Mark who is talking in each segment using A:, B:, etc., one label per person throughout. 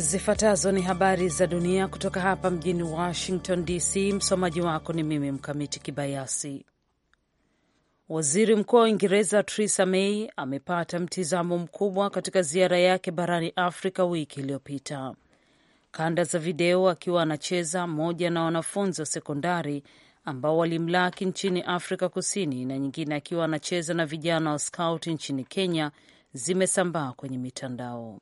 A: Zifuatazo ni habari za dunia kutoka hapa mjini Washington DC. Msomaji wako ni mimi Mkamiti Kibayasi. Waziri Mkuu wa Uingereza Theresa May amepata mtizamo mkubwa katika ziara yake barani Afrika wiki iliyopita. Kanda za video akiwa anacheza moja na wanafunzi wa sekondari ambao walimlaki nchini Afrika Kusini na nyingine akiwa anacheza na vijana wa skauti nchini Kenya zimesambaa kwenye mitandao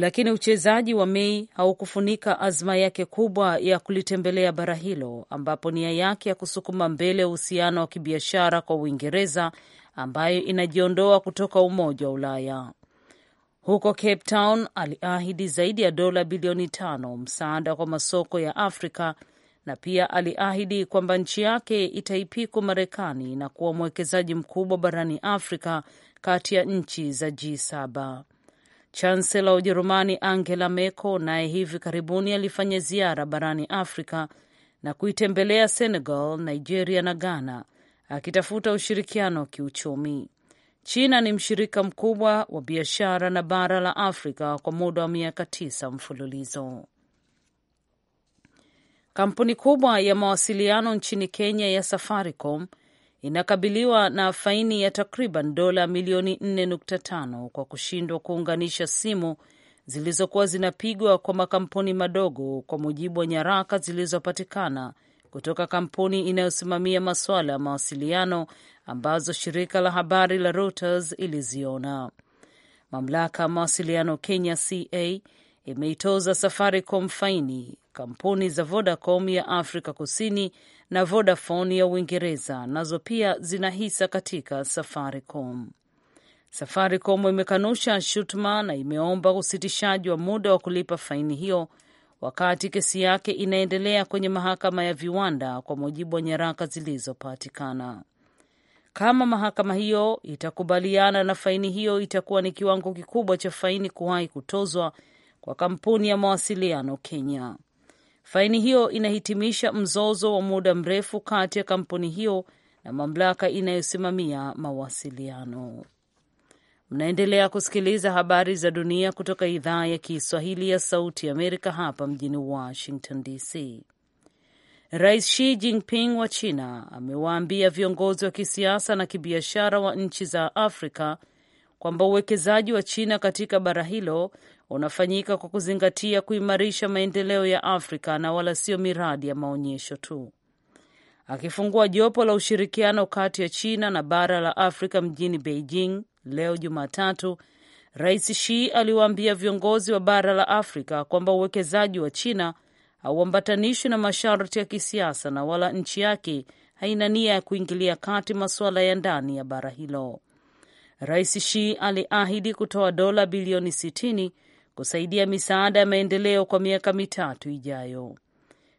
A: lakini uchezaji wa Mei haukufunika azma yake kubwa ya kulitembelea bara hilo, ambapo nia yake ya kusukuma mbele uhusiano wa kibiashara kwa Uingereza ambayo inajiondoa kutoka Umoja wa Ulaya. Huko Cape Town aliahidi zaidi ya dola bilioni tano msaada kwa masoko ya Afrika na pia aliahidi kwamba nchi yake itaipiku Marekani na kuwa mwekezaji mkubwa barani Afrika kati ya nchi za G7. Chansela wa Ujerumani Angela Merkel naye hivi karibuni alifanya ziara barani Afrika na kuitembelea Senegal, Nigeria na Ghana akitafuta ushirikiano wa kiuchumi. China ni mshirika mkubwa wa biashara na bara la Afrika kwa muda wa miaka tisa mfululizo. Kampuni kubwa ya mawasiliano nchini Kenya ya Safaricom inakabiliwa na faini ya takriban dola milioni 4.5 kwa kushindwa kuunganisha simu zilizokuwa zinapigwa kwa makampuni madogo, kwa mujibu wa nyaraka zilizopatikana kutoka kampuni inayosimamia masuala ya mawasiliano ambazo shirika la habari la Reuters iliziona. Mamlaka ya mawasiliano Kenya, CA, imeitoza Safaricom faini Kampuni za Vodacom ya Afrika Kusini na Vodafone ya Uingereza nazo pia zinahisa katika Safaricom. Safaricom imekanusha shutuma na imeomba usitishaji wa muda wa kulipa faini hiyo wakati kesi yake inaendelea kwenye mahakama ya viwanda, kwa mujibu wa nyaraka zilizopatikana. Kama mahakama hiyo itakubaliana na faini hiyo, itakuwa ni kiwango kikubwa cha faini kuwahi kutozwa kwa kampuni ya mawasiliano Kenya. Faini hiyo inahitimisha mzozo wa muda mrefu kati ya kampuni hiyo na mamlaka inayosimamia mawasiliano. Mnaendelea kusikiliza habari za dunia kutoka idhaa ya Kiswahili ya Sauti ya Amerika, hapa mjini Washington DC. Rais Xi Jinping wa China amewaambia viongozi wa kisiasa na kibiashara wa nchi za Afrika kwamba uwekezaji wa China katika bara hilo unafanyika kwa kuzingatia kuimarisha maendeleo ya Afrika na wala sio miradi ya maonyesho tu. Akifungua jopo la ushirikiano kati ya China na bara la Afrika mjini Beijing leo Jumatatu, Rais Xi aliwaambia viongozi wa bara la Afrika kwamba uwekezaji wa China hauambatanishwi na masharti ya kisiasa na wala nchi yake haina nia ya kuingilia kati masuala ya ndani ya bara hilo. Rais Shi aliahidi kutoa dola bilioni 60 kusaidia misaada ya maendeleo kwa miaka mitatu ijayo.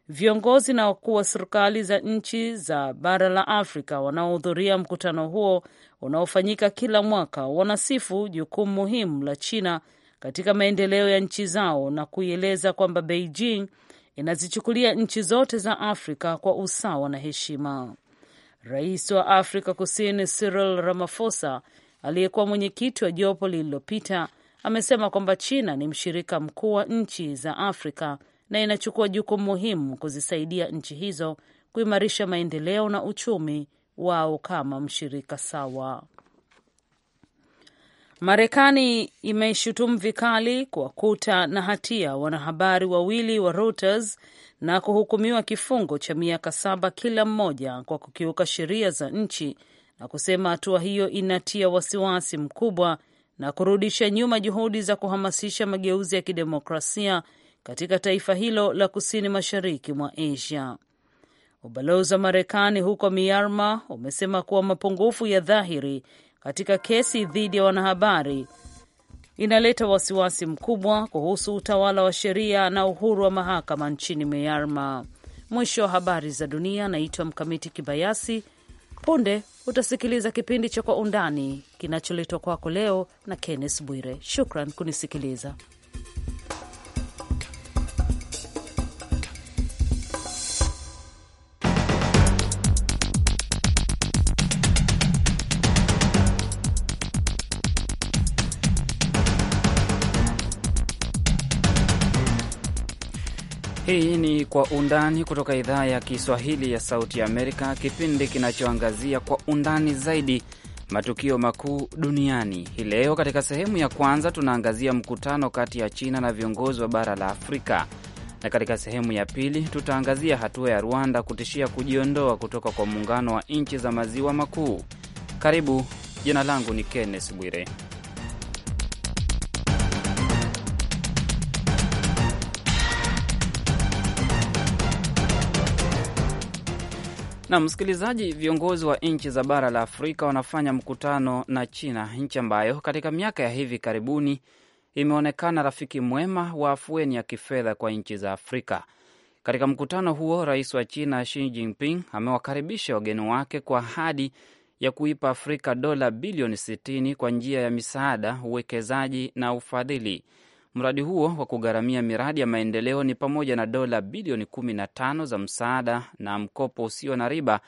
A: Viongozi na wakuu wa serikali za nchi za bara la Afrika wanaohudhuria mkutano huo unaofanyika kila mwaka wanasifu jukumu muhimu la China katika maendeleo ya nchi zao na kuieleza kwamba Beijing inazichukulia nchi zote za Afrika kwa usawa na heshima. Rais wa Afrika Kusini Cyril Ramaphosa aliyekuwa mwenyekiti wa jopo lililopita amesema kwamba China ni mshirika mkuu wa nchi za Afrika na inachukua jukumu muhimu kuzisaidia nchi hizo kuimarisha maendeleo na uchumi wao kama mshirika sawa. Marekani imeshutumu vikali kuwakuta na hatia wanahabari wawili wa Reuters na kuhukumiwa kifungo cha miaka saba kila mmoja kwa kukiuka sheria za nchi na kusema hatua hiyo inatia wasiwasi mkubwa na kurudisha nyuma juhudi za kuhamasisha mageuzi ya kidemokrasia katika taifa hilo la kusini mashariki mwa Asia. Ubalozi wa Marekani huko Myanmar umesema kuwa mapungufu ya dhahiri katika kesi dhidi ya wanahabari inaleta wasiwasi mkubwa kuhusu utawala wa sheria na uhuru wa mahakama nchini Myanmar. Mwisho wa habari za dunia. Naitwa Mkamiti Kibayasi. Punde utasikiliza kipindi cha Kwa Undani kinacholetwa kwako leo na Kenneth Bwire. Shukran kunisikiliza.
B: Hii ni Kwa Undani kutoka idhaa ya Kiswahili ya Sauti ya Amerika, kipindi kinachoangazia kwa undani zaidi matukio makuu duniani. Hii leo katika sehemu ya kwanza tunaangazia mkutano kati ya China na viongozi wa bara la Afrika, na katika sehemu ya pili tutaangazia hatua ya Rwanda kutishia kujiondoa kutoka kwa muungano wa nchi za maziwa makuu. Karibu. Jina langu ni Kenneth Bwire. Na msikilizaji, viongozi wa nchi za bara la Afrika wanafanya mkutano na China, nchi ambayo katika miaka ya hivi karibuni imeonekana rafiki mwema wa afueni ya kifedha kwa nchi za Afrika. Katika mkutano huo, rais wa China Xi Jinping amewakaribisha wageni wake kwa ahadi ya kuipa Afrika dola bilioni 60 kwa njia ya misaada, uwekezaji na ufadhili. Mradi huo wa kugharamia miradi ya maendeleo ni pamoja na dola bilioni kumi na tano za msaada na mkopo usio na riba,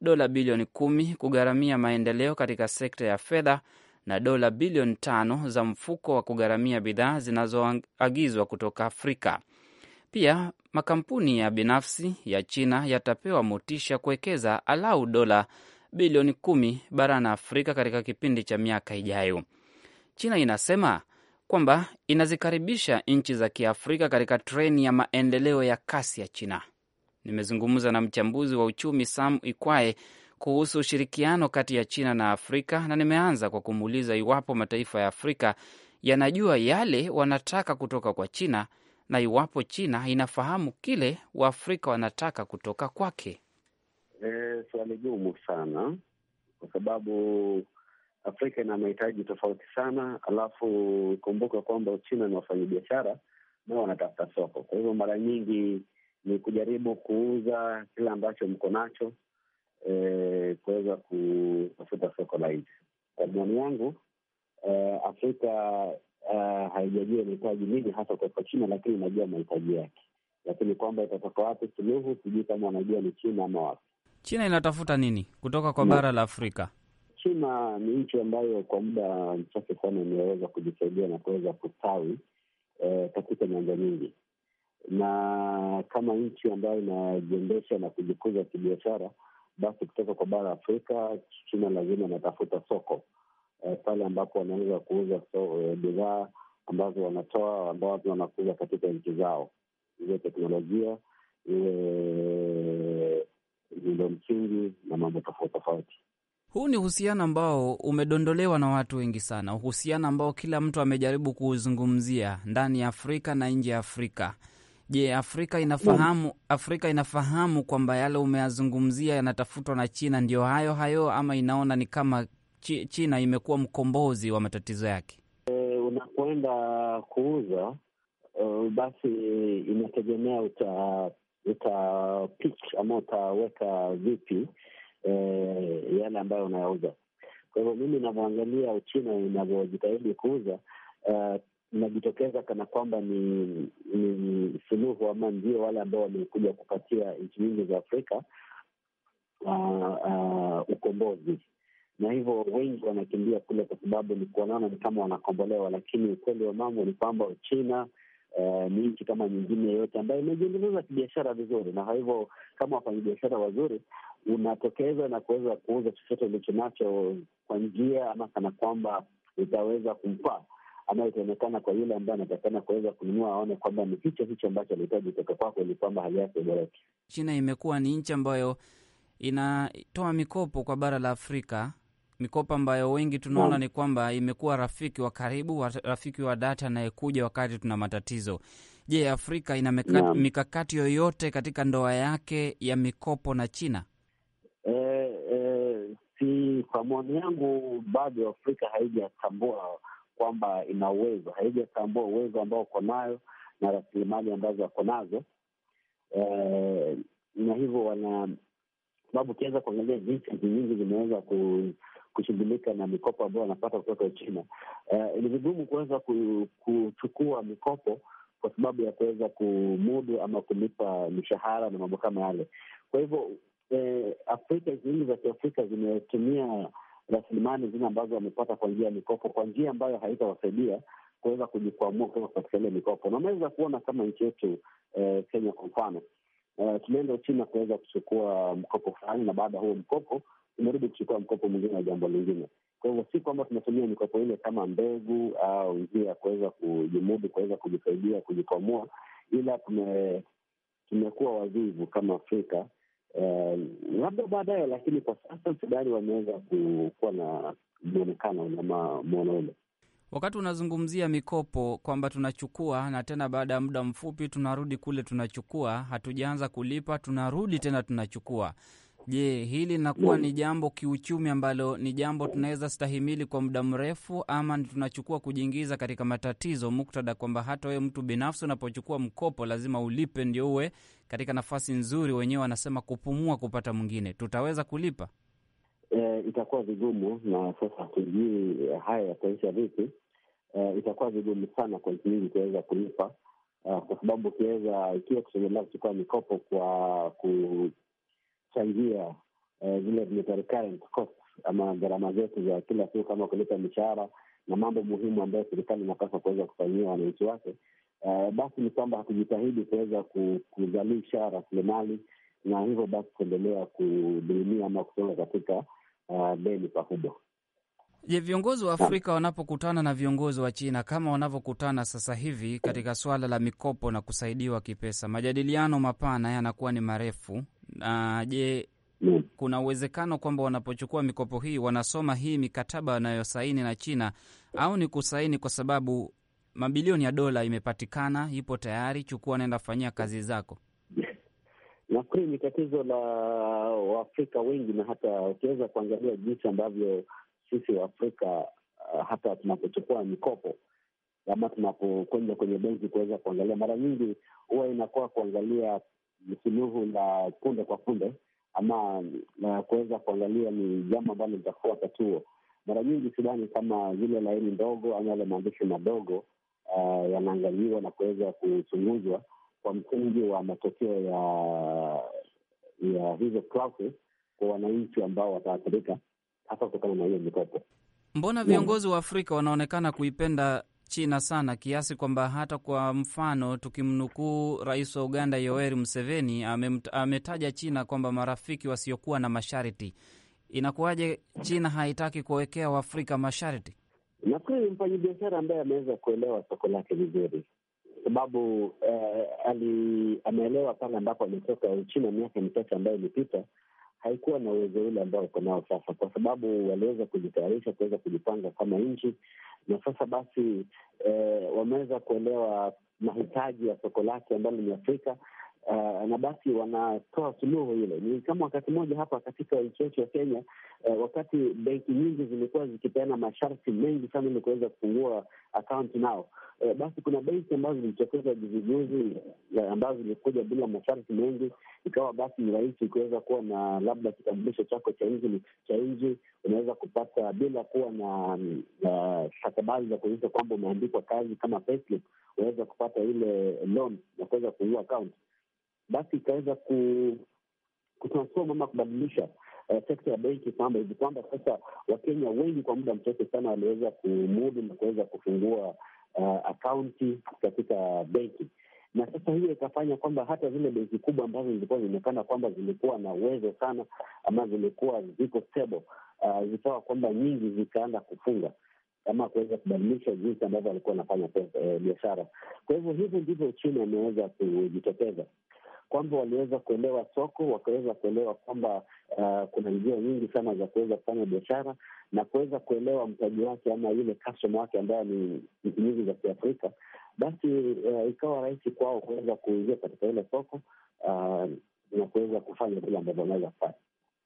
B: dola bilioni kumi kugharamia maendeleo katika sekta ya fedha na dola bilioni tano za mfuko wa kugharamia bidhaa zinazoagizwa kutoka Afrika. Pia makampuni ya binafsi ya China yatapewa motisha kuwekeza alau dola bilioni kumi barani Afrika katika kipindi cha miaka ijayo. China inasema kwamba inazikaribisha nchi za Kiafrika katika treni ya maendeleo ya kasi ya China. Nimezungumza na mchambuzi wa uchumi Sam Ikwae kuhusu ushirikiano kati ya China na Afrika, na nimeanza kwa kumuuliza iwapo mataifa ya Afrika yanajua yale wanataka kutoka kwa China na iwapo China inafahamu kile Waafrika wanataka kutoka kwake.
C: E, swali gumu sana kwa sababu Afrika ina mahitaji tofauti sana, alafu kumbuka kwamba Uchina ni wafanyabiashara nao wanatafuta soko. Kwa hivyo mara nyingi ni kujaribu kuuza kile ambacho mko nacho e, kuweza kutafuta soko la nje. Kwa maoni yangu e, Afrika e, haijajua inahitaji nini hasa kutoka China, lakini inajua mahitaji yake, lakini kwamba itatoka wapi suluhu, sijui kama wanajua ni China ama wapi.
B: China inatafuta nini kutoka kwa bara la Afrika?
C: China ni nchi ambayo kwa muda mchache sana imeweza kujisaidia na kuweza kustawi eh, katika nyanja nyingi, na kama nchi ambayo inajiendesha na kujikuza kibiashara, basi kutoka kwa bara Afrika, China lazima anatafuta soko eh, pale ambapo wanaweza kuuza eh, bidhaa ambazo wanatoa ambazo wanakuza katika nchi zao, iwe teknolojia, iwe eh, miundo msingi na mambo tofauti tofauti.
B: Huu ni uhusiano ambao umedondolewa na watu wengi sana, uhusiano ambao kila mtu amejaribu kuuzungumzia ndani ya Afrika na nje ya Afrika. Je, Afrika inafahamu, Afrika inafahamu kwamba yale umeyazungumzia yanatafutwa na China ndiyo hayo hayo, ama inaona ni kama China imekuwa mkombozi wa matatizo yake?
C: E, unapoenda kuuza uh, basi inategemea uta, uta pitch ama utaweka vipi eh, yale ambayo unayauza. Kwa hivyo mimi inavyoangalia Uchina inavyojitahidi kuuza uh, eh, inajitokeza kana kwamba ni, ni suluhu ama ndio wale ambao wamekuja kupatia nchi nyingi za Afrika uh, uh, ukombozi na hivyo wengi wanakimbia kule kwa sababu ni kuonana ni kama wanakombolewa, lakini ukweli wa mambo ni kwamba Uchina ni eh, nchi kama nyingine yoyote ambayo imejiendeleza kibiashara vizuri, na kwa hivyo kama wafanyabiashara wazuri unatokeza na kuweza kuuza chochote ulicho nacho kwa njia ama kana kwamba itaweza kumfaa ama itaonekana kwa yule ambaye anatakana kuweza kununua, aone kwamba ni hicho hicho ambacho alihitaji kutoka kwako, ili kwamba hali yake iboreke.
B: China imekuwa ni nchi ambayo inatoa mikopo kwa bara la Afrika mikopo ambayo wengi tunaona ni kwamba imekuwa rafiki wa karibu, rafiki wa dhati anayekuja wakati tuna matatizo. Je, Afrika ina mikakati yoyote katika ndoa yake ya mikopo na China?
C: E, e, si kwa maoni yangu bado Afrika haijatambua kwamba ina uwezo, haijatambua uwezo ambao uko nayo na rasilimali ambazo wako nazo e, na hivyo wana sababu ukiweza kuangalia jinsi nchi nyingi zimeweza ku kushughulika na mikopo ambayo wanapata kutoka China. Uh, ni vigumu kuweza kuchukua mikopo kwa sababu ya kuweza kumudu ama kulipa mishahara na mambo kama yale. Kwa hivyo eh, Afrika nchi nyingi za Kiafrika zimetumia rasilimali zile ambazo wamepata kwa njia ya mikopo kwa njia ambayo haitawasaidia kuweza kujikwamua kutoka katika ile mikopo, na unaweza kuona kama nchi yetu eh, Kenya kwa mfano eh, tulienda China kuweza kuchukua mkopo fulani, na baada ya huo mkopo tumerudi kuchukua mkopo mwingine wa jambo lingine. Kwa hivyo si kwamba tunatumia mikopo ile kama mbegu au njia ya kuweza kujimudu, kuweza kujisaidia, kujikwamua, ila tume tumekuwa wavivu kama Afrika eh, labda baadaye. Lakini kwa sasa tayari wameweza kuwa na mwonekano na mwono ule
B: wakati unazungumzia mikopo kwamba tunachukua na tena baada ya muda mfupi tunarudi kule tunachukua, hatujaanza kulipa, tunarudi tena tunachukua. Je, hili linakuwa ni jambo kiuchumi ambalo ni jambo tunaweza stahimili kwa muda mrefu, ama tunachukua kujiingiza katika matatizo, muktada kwamba hata wewe mtu binafsi unapochukua mkopo lazima ulipe ndio uwe katika nafasi nzuri, wenyewe wanasema kupumua, kupata mwingine. Tutaweza kulipa?
C: E, itakuwa vigumu, na sasa hatujui eh, haya yataisha vipi. E, itakuwa vigumu sana kwa nchi nyingi kuweza kulipa, kwa sababu ukiweza ikiwa kutegemea kuchukua mikopo kwa ku changia vile eh, ama gharama zetu za kila siku kama kulipa mishahara na mambo muhimu ambayo serikali inapaswa kuweza kufanyia wananchi wake. Uh, basi ni kwamba hatujitahidi kuweza kuzalisha rasilimali na hivyo basi kuendelea kudhulumia ama kusonga katika uh, deni pakubwa.
B: Je, viongozi wa Afrika wanapokutana na viongozi wa China kama wanavyokutana sasa hivi katika swala la mikopo na kusaidiwa kipesa, majadiliano mapana yanakuwa ni marefu na je, mm. kuna uwezekano kwamba wanapochukua mikopo hii wanasoma hii mikataba wanayosaini na China au ni kusaini kwa sababu mabilioni ya dola imepatikana, ipo tayari, chukua, naenda fanyia kazi zako?
C: Nafikiri ni tatizo la Waafrika wengi, na hata ukiweza kuangalia jinsi ambavyo sisi Waafrika uh, hata tunapochukua mikopo ama tunapokwenda kwenye benki kuweza kuangalia, mara nyingi huwa inakuwa kuangalia suluhu la punde kwa punde ama uh, kuweza kuangalia ni jambo ambalo litakuwa wakati Mara nyingi sidhani kama zile laini ndogo ama yale maandishi madogo uh, yanaangaliwa na kuweza kuchunguzwa kwa msingi wa matokeo ya ya hizo klausi kwa wananchi ambao wataathirika hasa kutokana na hiyo mikopo.
B: Mbona viongozi wa Afrika wanaonekana kuipenda China sana kiasi kwamba hata kwa mfano tukimnukuu rais wa Uganda Yoweri Museveni ametaja China kwamba marafiki wasiokuwa na masharti. Inakuwaje China haitaki kuwekea Waafrika masharti?
C: Nafikiri mfanyabiashara ambaye ameweza kuelewa soko lake vizuri, sababu eh, ameelewa pale ambapo ametoka Uchina miaka michache ambayo imepita haikuwa na uwezo ule ambao uko nao sasa, kwa sababu waliweza kujitayarisha kuweza kujipanga kama nchi, na sasa basi eh, wameweza kuelewa mahitaji ya soko lake ambalo ni Afrika uh, na basi wanatoa suluhu ile. Ni kama wakati mmoja hapa katika nchi yetu ya Kenya, uh, wakati benki nyingi zimekuwa zikipeana masharti mengi sana ili kuweza kufungua akaunti nao, uh, basi kuna benki ambazo zilitokeza juzijuzi ambazo zilikuja bila masharti mengi, ikawa basi ni rahisi kuweza kuwa na labda kitambulisho chako cha nchi cha nchi, unaweza kupata bila kuwa na stakabadhi za kuonyesha kwamba umeandikwa kazi kama payslip, unaweza kupata ile loan na kuweza kufungua akaunti basi ikaweza ku kutransform ama kubadilisha uh, sekta ya benki kwamba hivi kwamba sasa Wakenya wengi kwa muda mchache sana waliweza kumudu na kuweza kufungua uh, akaunti katika benki na sasa hiyo ikafanya kwamba hata zile benki kubwa ambazo zilikuwa zinaonekana kwamba zilikuwa na uwezo sana ama zilikuwa ziko stable uh, zikawa kwamba nyingi zikaanza kufunga ama kuweza kubadilisha jinsi ambavyo walikuwa wanafanya biashara. Kwa hivyo hivyo ndivyo uchumi ameweza kujitokeza kwamba waliweza kuelewa soko, wakaweza kuelewa kwamba uh, kuna njia nyingi sana za kuweza kufanya biashara na kuweza kuelewa mtaji wake ama yule customer wake ambaye ni nchi nyingi za Kiafrika, basi uh, ikawa rahisi kwao kuweza kuingia katika ile soko uh, na kuweza kufanya vile ambavyo wanaweza kufanya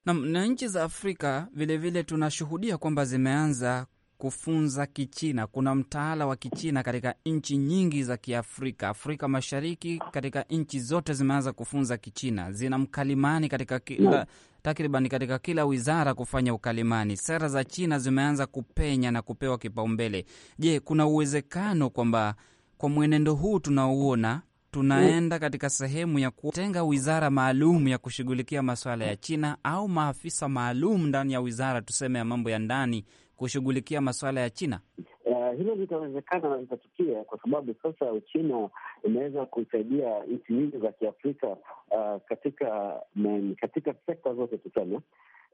B: na, na nchi za Afrika vilevile tunashuhudia kwamba zimeanza kufunza Kichina. Kuna mtaala wa Kichina katika nchi nyingi za Kiafrika. Afrika Mashariki, katika nchi zote zimeanza kufunza Kichina, zina mkalimani katika kila takriban katika kila wizara kufanya ukalimani. Sera za China zimeanza kupenya na kupewa kipaumbele. Je, kuna uwezekano kwamba kwa mwenendo huu tunauona tunaenda katika sehemu ya kutenga wizara maalum ya kushughulikia masuala ya China au maafisa maalum ndani ya wizara tuseme ya mambo ya ndani kushughulikia masuala ya China?
C: Uh, hilo litawezekana na litatukia kwa sababu sasa Uchina imeweza kusaidia nchi nyingi za Kiafrika uh, katika men, katika sekta zote tuseme,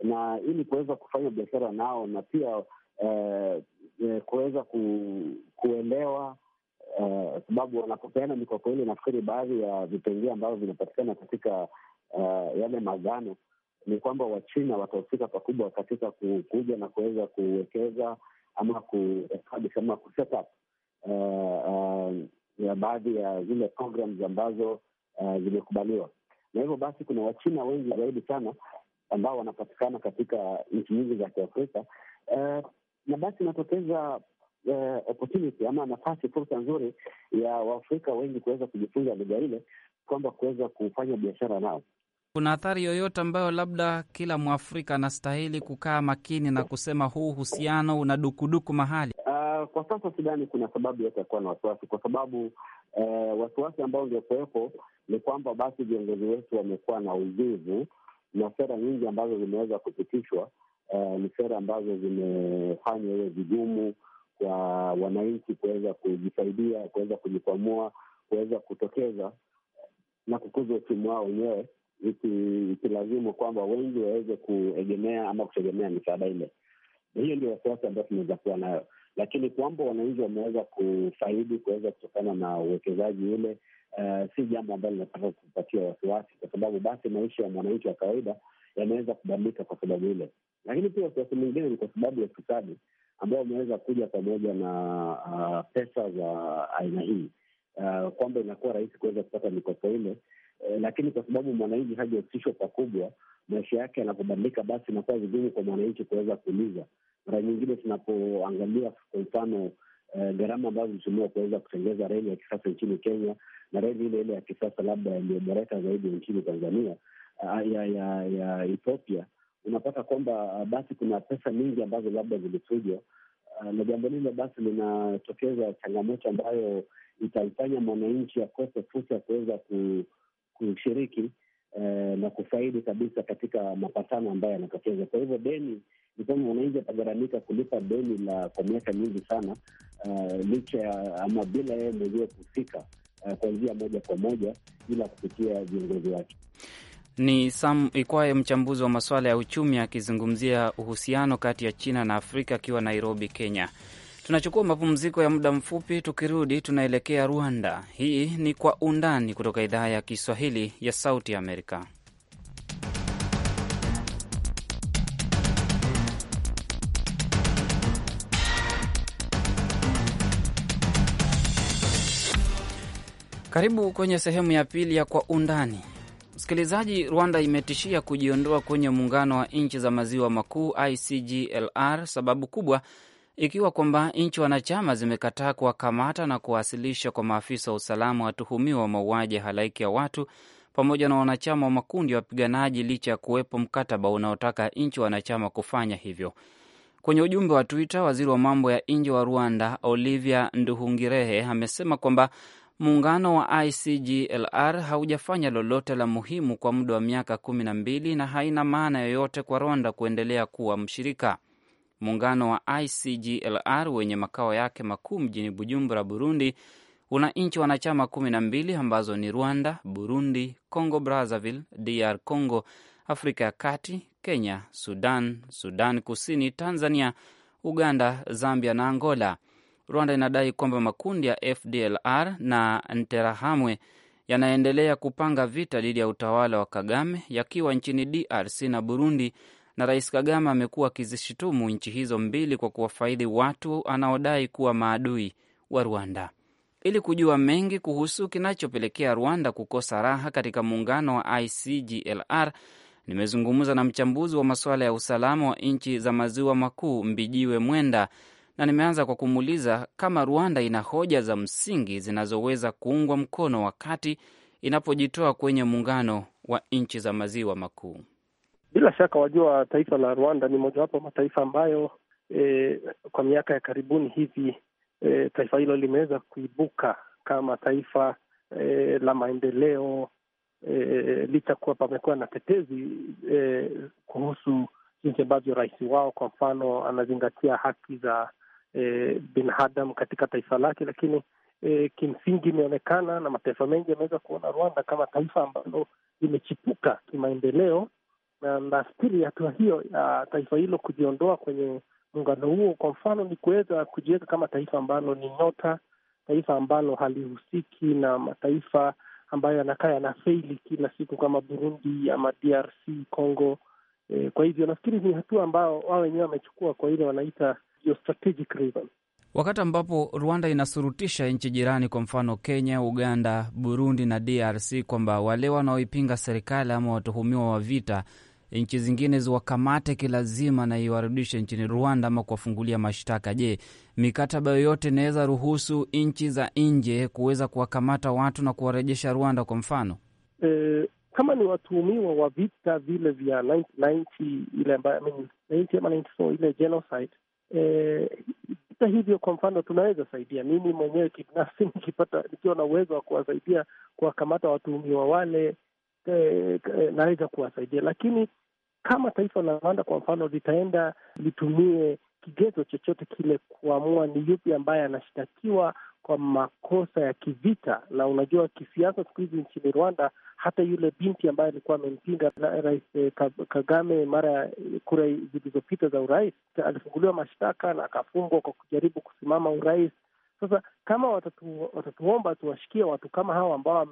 C: na ili kuweza kufanya biashara nao na pia uh, kuweza ku, kuelewa uh, sababu wanapopeana mikopo ile, nafikiri baadhi ya vipengee ambavyo vinapatikana katika uh, yale magano ni kwamba Wachina watahusika pakubwa katika kuja na kuweza kuwekeza ama ku ama ku up uh, uh, ya baadhi ya zile programs ambazo uh, zimekubaliwa na hivyo basi, kuna Wachina wengi zaidi sana ambao wanapatikana katika nchi nyingi za Kiafrika uh, na basi inatokeza uh, opportunity ama nafasi, fursa nzuri ya Waafrika wengi kuweza kujifunza lugha ile, kwamba kuweza kufanya biashara nao
B: kuna athari yoyote ambayo labda kila Mwafrika anastahili kukaa makini na kusema huu uhusiano una dukuduku mahali?
C: Uh, kwa sasa sidhani kuna sababu yote ya kuwa na wasiwasi, kwa sababu uh, wasiwasi ambao ungekuwepo ni kwamba basi viongozi wetu wamekuwa na uzivu na sera nyingi ambazo zimeweza kupitishwa uh, ni sera ambazo zimefanya iwe vigumu kwa wananchi kuweza kujisaidia, kuweza kujikwamua, kuweza kutokeza na kukuza uchumi wao wenyewe ikilazimu kwamba wengi waweze kuegemea ama kutegemea misaada ile. Hiyo ndio wasiwasi ambayo tunaweza kuwa nayo, lakini kwamba wananchi wameweza kufaidi kuweza kutokana na uwekezaji ule, uh, si jambo ambalo linataka kupatia wasiwasi, kwa sababu basi maisha ya mwananchi wa kawaida yameweza kubadilika kwa sababu ile. Lakini pia wasiwasi mwingine ni kwa sababu ya ufisadi ambao wameweza kuja pamoja na uh, pesa za aina hii uh, kwamba inakuwa rahisi kuweza kupata mikopo ile e, lakini kwa sababu mwananchi hajahusishwa pakubwa maisha yake yanapobadilika, basi inakuwa vigumu kwa mwananchi kuweza kuuliza. Mara nyingine tunapoangalia kwa mfano e, gharama ambazo zilitumiwa kuweza kutengeza reli ya kisasa nchini Kenya na reli ile ile ya kisasa labda yaliyoboreka zaidi nchini Tanzania ah, ya ya, ya, Ethiopia, unapata kwamba ah, basi kuna pesa nyingi ambazo labda zilifujwa, ah, na jambo lile basi linatokeza changamoto ambayo itamfanya mwananchi akose fursa ya kuweza ku kushiriki eh, na kufaidi kabisa katika mapatano ambayo yanatokeza. Kwa hivyo deni ni wananji mwananchi atagharamika kulipa deni la kwa miaka mingi sana, uh, licha ya ama bila yeye mwenyewe kufika uh, kwa njia moja kwa moja bila kupitia viongozi wake.
B: Ni Sam Ikwaye, mchambuzi wa masuala ya uchumi, akizungumzia uhusiano kati ya China na Afrika akiwa Nairobi, Kenya. Tunachukua mapumziko ya muda mfupi, tukirudi tunaelekea Rwanda. Hii ni Kwa Undani kutoka idhaa ya Kiswahili ya Sauti Amerika. Karibu kwenye sehemu ya pili ya Kwa Undani. Msikilizaji, Rwanda imetishia kujiondoa kwenye muungano wa nchi za maziwa makuu ICGLR. Sababu kubwa ikiwa kwamba nchi wanachama zimekataa kuwakamata na kuwawasilisha kwa maafisa wa usalama watuhumiwa wa mauaji halaiki ya watu pamoja na wanachama wa makundi ya wapiganaji licha ya kuwepo mkataba unaotaka nchi wanachama kufanya hivyo. Kwenye ujumbe wa Twitter, waziri wa mambo ya nje wa Rwanda Olivia Nduhungirehe amesema kwamba muungano wa ICGLR haujafanya lolote la muhimu kwa muda wa miaka kumi na mbili na haina maana yoyote kwa Rwanda kuendelea kuwa mshirika. Muungano wa ICGLR wenye makao yake makuu mjini Bujumbura, Burundi, una nchi wanachama kumi na mbili ambazo ni Rwanda, Burundi, Congo Brazzaville, DR Congo, Afrika ya Kati, Kenya, Sudan, Sudan Kusini, Tanzania, Uganda, Zambia na Angola. Rwanda inadai kwamba makundi ya FDLR na Nterahamwe yanaendelea kupanga vita dhidi ya utawala wa Kagame yakiwa nchini DRC na Burundi na Rais Kagame amekuwa akizishutumu nchi hizo mbili kwa kuwafaidhi watu anaodai kuwa maadui wa Rwanda. Ili kujua mengi kuhusu kinachopelekea Rwanda kukosa raha katika muungano wa ICGLR, nimezungumza na mchambuzi wa masuala ya usalama wa nchi za maziwa makuu Mbijiwe Mwenda, na nimeanza kwa kumuuliza kama Rwanda ina hoja za msingi zinazoweza kuungwa mkono wakati inapojitoa kwenye muungano wa nchi za maziwa makuu.
D: Bila shaka wajua, taifa la Rwanda ni mojawapo mataifa ambayo e, kwa miaka ya karibuni hivi e, taifa hilo limeweza kuibuka kama taifa e, la maendeleo e, licha kuwa pamekuwa na tetezi e, kuhusu jinsi ambavyo rais wao kwa mfano anazingatia haki za e, binadam katika taifa lake, lakini e, kimsingi imeonekana na mataifa mengi yameweza kuona Rwanda kama taifa ambalo limechipuka kimaendeleo na nafikiri hatua hiyo ya taifa hilo kujiondoa kwenye muungano huo, kwa mfano, ni kuweza kujiweka kama taifa ambalo ni nyota, taifa ambalo halihusiki na mataifa ambayo yanakaa yanafeili kila siku kama Burundi ama DRC Congo. E, kwa hivyo nafikiri ni hatua ambayo wao wenyewe wamechukua kwa ile wanaita hiyo strategic
B: wakati ambapo Rwanda inasurutisha nchi jirani, kwa mfano Kenya, Uganda, Burundi na DRC kwamba wale wanaoipinga serikali ama watuhumiwa wa vita nchi zingine ziwakamate kilazima na iwarudishe nchini Rwanda ama kuwafungulia mashtaka. Je, mikataba yoyote inaweza ruhusu nchi za nje kuweza kuwakamata watu na kuwarejesha Rwanda kwa mfano?
D: E, kama ni watuhumiwa wa vita vile vya 1990 ile ambayo ile genocide e, vita hivyo kwa mfano tunaweza saidia. Mimi mwenyewe kibinafsi nikipata, nikiwa na uwezo wa kuwasaidia kuwakamata watuhumiwa wale e, e, naweza kuwasaidia, lakini kama taifa la Rwanda kwa mfano litaenda litumie kigezo chochote kile kuamua ni yupi ambaye anashtakiwa kwa makosa ya kivita, na unajua kisiasa siku hizi nchini Rwanda, hata yule binti ambaye alikuwa amempinga Rais eh, Kagame mara ya kura zilizopita za urais alifunguliwa mashtaka na akafungwa kwa kujaribu kusimama urais. Sasa kama watatu, watatuomba tuwashikie watu kama hawa ambao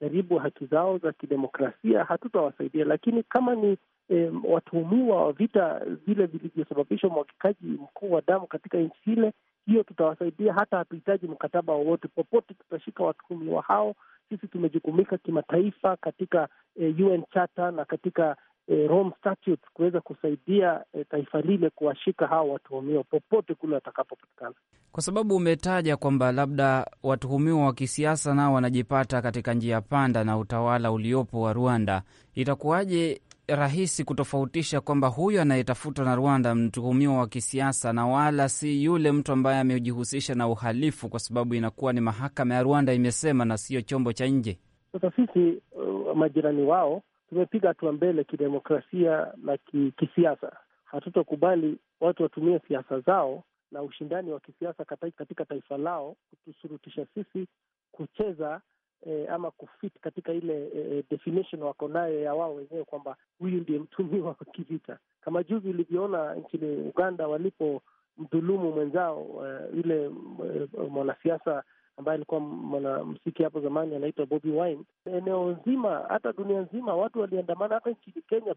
D: kujaribu haki zao za kidemokrasia, hatutawasaidia. Lakini kama ni e, watuhumiwa wa vita vile vilivyosababisha umwagikaji mkuu wa damu katika nchi ile, hiyo tutawasaidia. Hata hatuhitaji mkataba wowote. Popote tutashika watuhumiwa hao, sisi tumejukumika kimataifa katika e, eh, UN Charter na katika E, Rome Statute kuweza kusaidia e, taifa lile kuwashika hawa watuhumiwa popote kule watakapopatikana,
B: kwa sababu umetaja kwamba labda watuhumiwa wa kisiasa nao wanajipata katika njia panda na utawala uliopo wa Rwanda. Itakuwaje rahisi kutofautisha kwamba huyu anayetafutwa na Rwanda mtuhumiwa wa kisiasa na wala si yule mtu ambaye amejihusisha na uhalifu, kwa sababu inakuwa ni mahakama ya Rwanda imesema na siyo chombo cha nje.
D: Sasa sisi uh, majirani wao tumepiga hatua mbele kidemokrasia na kisiasa. Hatutokubali watu watumie siasa zao na ushindani wa kisiasa katika taifa lao kutusurutisha sisi kucheza E, ama kufit katika ile e, definition wako nayo ya wao wenyewe kwamba huyu ndiye mtumiwa wa kivita. Kama juzi ulivyoona nchini Uganda walipomdhulumu mwenzao yule e, mwanasiasa ambaye alikuwa mwanamsiki hapo zamani anaitwa Bobi Wine. Eneo nzima, hata dunia nzima, watu waliandamana. Hata nchini Kenya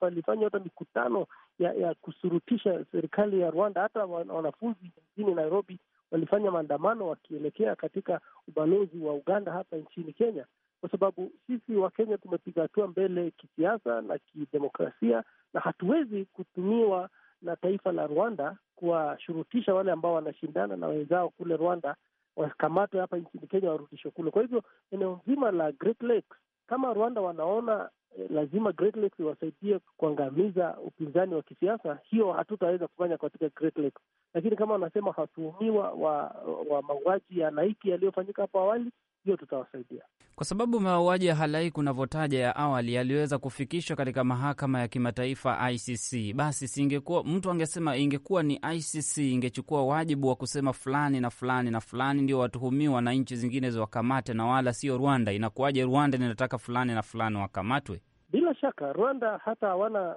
D: palifanywa hata mikutano ya, ya kusurutisha serikali ya Rwanda. Hata wanafunzi mjini Nairobi walifanya maandamano wakielekea katika ubalozi wa Uganda hapa nchini Kenya, kwa sababu sisi Wakenya tumepiga hatua mbele kisiasa na kidemokrasia, na hatuwezi kutumiwa na taifa la Rwanda kuwashurutisha wale ambao wanashindana na wenzao kule Rwanda wakamatwe hapa nchini Kenya warudishwe kule. Kwa hivyo eneo nzima la Great Lakes, kama Rwanda wanaona eh, lazima Great Lakes iwasaidie kuangamiza upinzani wa kisiasa, hiyo hatutaweza kufanya katika Great Lakes. Lakini kama wanasema watuhumiwa wa, wa mauaji ya naiki yaliyofanyika hapo awali ndio tutawasaidia,
B: kwa sababu mauaji ya halaiki unavyotaja ya awali yaliweza kufikishwa katika mahakama ya kimataifa ICC. Basi singekuwa mtu angesema, ingekuwa ni ICC ingechukua wajibu wa kusema fulani na fulani na fulani ndio watuhumiwa na nchi zingine ziwakamate na wala sio Rwanda. Inakuwaje Rwanda inataka fulani na fulani wakamatwe?
D: Bila shaka Rwanda hata hawana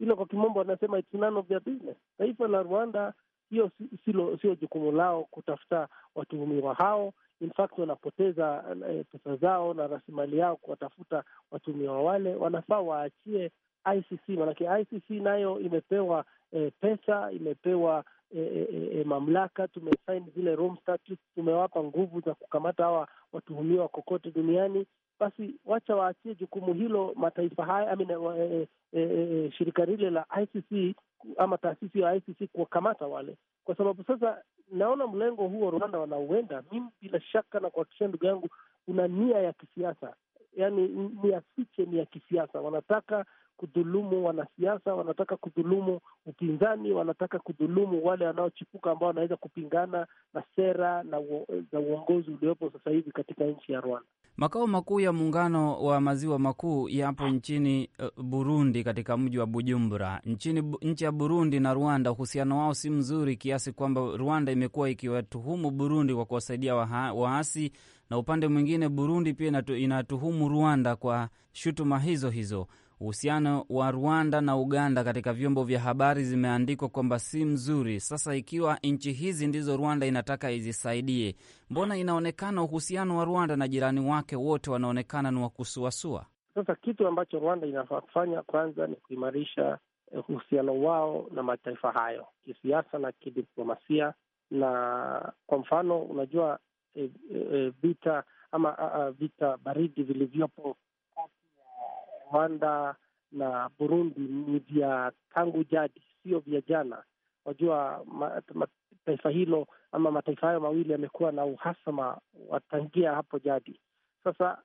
D: ile, kwa kimombo wanasema it's none of their business. Taifa la Rwanda hiyo silo, sio jukumu lao kutafuta watuhumiwa hao in fact wanapoteza eh, pesa zao na rasilimali yao kuwatafuta watumiwa wale, wanafaa waachie ICC, manake ICC nayo imepewa eh, pesa imepewa eh eh, eh, eh, mamlaka. Tumesaini zile Rome Statutes, tumewapa nguvu za kukamata hawa watuhumiwa kokote duniani. Basi wacha waachie jukumu hilo mataifa haya, I mean, eh, eh, shirika lile la ICC ama taasisi ya ICC kuwakamata wale, kwa sababu sasa naona mlengo huo Rwanda wanauenda. Mimi bila shaka na kuhakikishia ndugu yangu, kuna nia ya kisiasa, yani nia fiche ni ya kisiasa. Wanataka kudhulumu wanasiasa, wanataka kudhulumu upinzani, wanataka kudhulumu wale wanaochipuka ambao wanaweza kupingana na sera na za uongozi uliopo sasa hivi katika nchi ya Rwanda.
B: Makao makuu ya muungano wa maziwa makuu yapo nchini uh, Burundi, katika mji wa Bujumbura. Nchini nchi ya Burundi na Rwanda, uhusiano wao si mzuri kiasi kwamba Rwanda imekuwa ikiwatuhumu Burundi kwa kuwasaidia waasi, na upande mwingine Burundi pia inatuhumu Rwanda kwa shutuma hizo hizo. Uhusiano wa Rwanda na Uganda katika vyombo vya habari zimeandikwa kwamba si mzuri. Sasa ikiwa nchi hizi ndizo Rwanda inataka izisaidie, mbona inaonekana uhusiano wa Rwanda na jirani wake wote wanaonekana ni wa kusuasua?
D: Sasa kitu ambacho Rwanda inafaa kufanya kwanza ni kuimarisha eh, uhusiano wao na mataifa hayo kisiasa na kidiplomasia. Na kwa mfano, unajua e, e, vita ama a, ah, a, ah, vita baridi vilivyopo Rwanda na Burundi ni vya tangu jadi, sio vya jana. Wajua ma, ma, taifa hilo ama mataifa hayo mawili yamekuwa na uhasama watangia hapo jadi. Sasa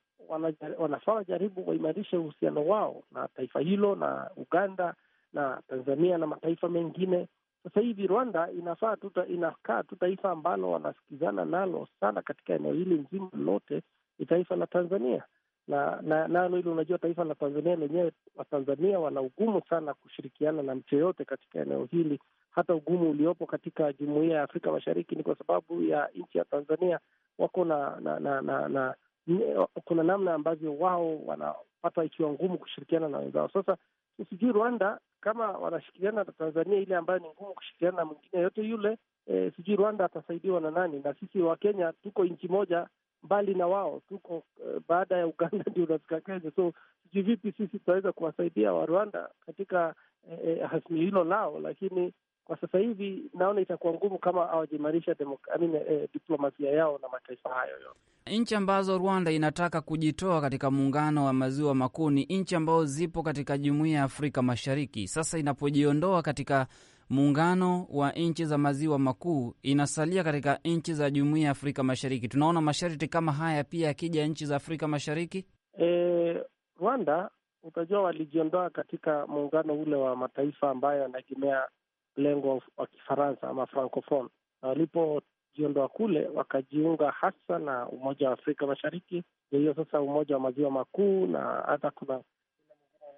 D: wanafaa wajaribu waimarishe uhusiano wao na taifa hilo na Uganda na Tanzania na mataifa mengine. Sasa hivi Rwanda inafaa tuta, inakaa tu taifa ambalo wanasikizana nalo sana katika eneo hili nzima lote ni taifa la Tanzania na na nalo hilo, unajua taifa la Tanzania lenyewe, Watanzania wana ugumu sana kushirikiana na mtu yoyote katika eneo hili. Hata ugumu uliopo katika jumuiya ya Afrika Mashariki ni kwa sababu ya nchi ya Tanzania wako na na, na, na, na kuna namna ambavyo wao wanapata ikiwa ngumu kushirikiana na wenzao. Sasa sijui Rwanda kama wanashirikiana na Tanzania ile ambayo ni ngumu kushirikiana na mwingine yote yule. E, sijui Rwanda atasaidiwa na nani? Na sisi Wakenya tuko nchi moja mbali na wao tuko uh, baada ya Uganda ndio unafika Kenya. So sijui vipi sisi tutaweza kuwasaidia Rwanda katika eh, eh, hasmi hilo lao, lakini kwa sasa hivi naona itakuwa ngumu kama hawajaimarisha eh, diplomasia yao na mataifa hayo yote.
B: Nchi ambazo Rwanda inataka kujitoa katika muungano wa maziwa makuu ni nchi ambazo zipo katika jumuiya ya Afrika Mashariki. Sasa inapojiondoa katika muungano wa nchi za maziwa makuu inasalia katika nchi za jumuiya ya Afrika Mashariki. Tunaona masharti kama haya pia yakija nchi za Afrika Mashariki.
D: E, Rwanda utajua walijiondoa katika muungano ule wa mataifa ambayo yanaegemea lengo wa Kifaransa ama Francofon, na walipojiondoa kule wakajiunga hasa na Umoja wa Afrika Mashariki, hiyo sasa Umoja wa Maziwa Makuu na hata kuna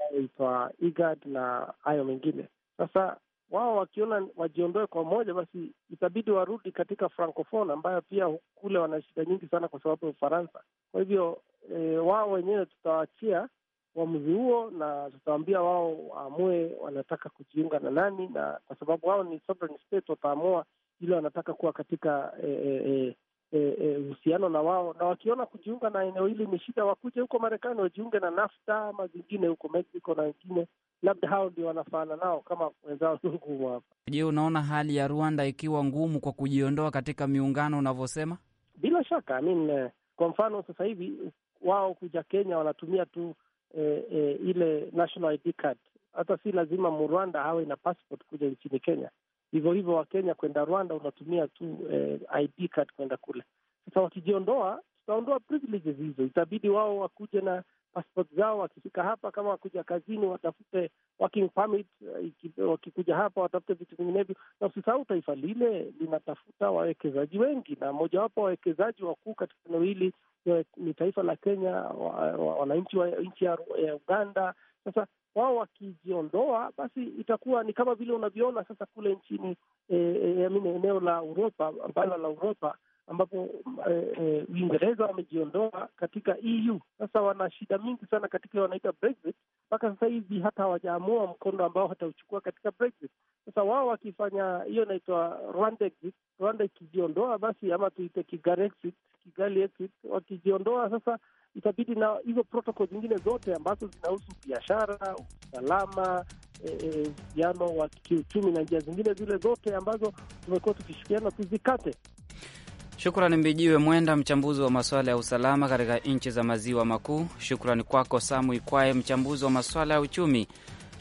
D: inayoitwa IGAD na hayo mengine sasa wao wakiona wajiondoe kwa moja, basi itabidi warudi katika Francofon ambayo pia kule wana shida nyingi sana kwa sababu ya Ufaransa. Kwa hivyo e, wao wenyewe tutawaachia uamuzi huo na tutawaambia wao waamue wanataka kujiunga na nani, na kwa sababu wao ni sovereign state wataamua ile wanataka kuwa katika e, e, uhusiano e, e, na wao, na wakiona kujiunga na eneo hili ni shida, wakuje huko Marekani wajiunge na NAFTA ama zingine huko Mexico na wengine, labda hao ndio wanafaana nao kama wenzao ndugu hapa.
B: Je, unaona hali ya Rwanda ikiwa ngumu kwa kujiondoa katika miungano unavyosema?
D: Bila shaka I mean, eh, kwa mfano sasa hivi wao kuja Kenya wanatumia tu e, e, ile national ID card. Hata si lazima Mrwanda awe na passport kuja nchini Kenya. Hivyo hivyo Wakenya kwenda Rwanda unatumia tu eh, ID card kwenda kule. Sasa wakijiondoa, tutaondoa privileges hizo, itabidi wao wakuje na passport zao. Wakifika hapa, kama wakuja kazini, watafute working permit, eh, wakikuja hapa watafute vitu vinginevyo, na usisahau taifa lile linatafuta wawekezaji wengi, na mojawapo wawekezaji wakuu katika eneo hili eh, ni taifa la Kenya, wananchi wa nchi ya Uganda. Sasa wao wakijiondoa, basi itakuwa ni kama vile unavyoona sasa kule nchini e, e, eneo la Uropa, bara la Uropa ambapo Uingereza e, e, wamejiondoa katika EU. Sasa wana shida mingi sana katika wanaita Brexit. Mpaka sasa hivi hata hawajaamua mkondo ambao watauchukua katika Brexit. Sasa wao wakifanya hiyo inaitwa Rwanda exit, Rwanda ikijiondoa basi, ama tuite Kigali exit, Kigali exit, wakijiondoa sasa itabidi na hizo protokol zingine zote ambazo zinahusu biashara, usalama, e, e, uhusiano e, wa kiuchumi na njia zingine zile zote ambazo tumekuwa tukishikiana tuzikate.
B: Shukrani Mbijiwe Mwenda, mchambuzi wa maswala ya usalama katika nchi za maziwa makuu. Shukrani kwako Samu Ikwaye, mchambuzi wa maswala ya uchumi.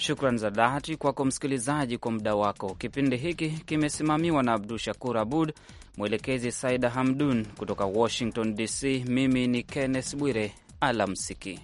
B: Shukran za dhati kwako msikilizaji kwa muda wako. Kipindi hiki kimesimamiwa na Abdu Shakur Abud, mwelekezi Saida Hamdun kutoka Washington DC. Mimi ni Kenneth Bwire, alamsiki.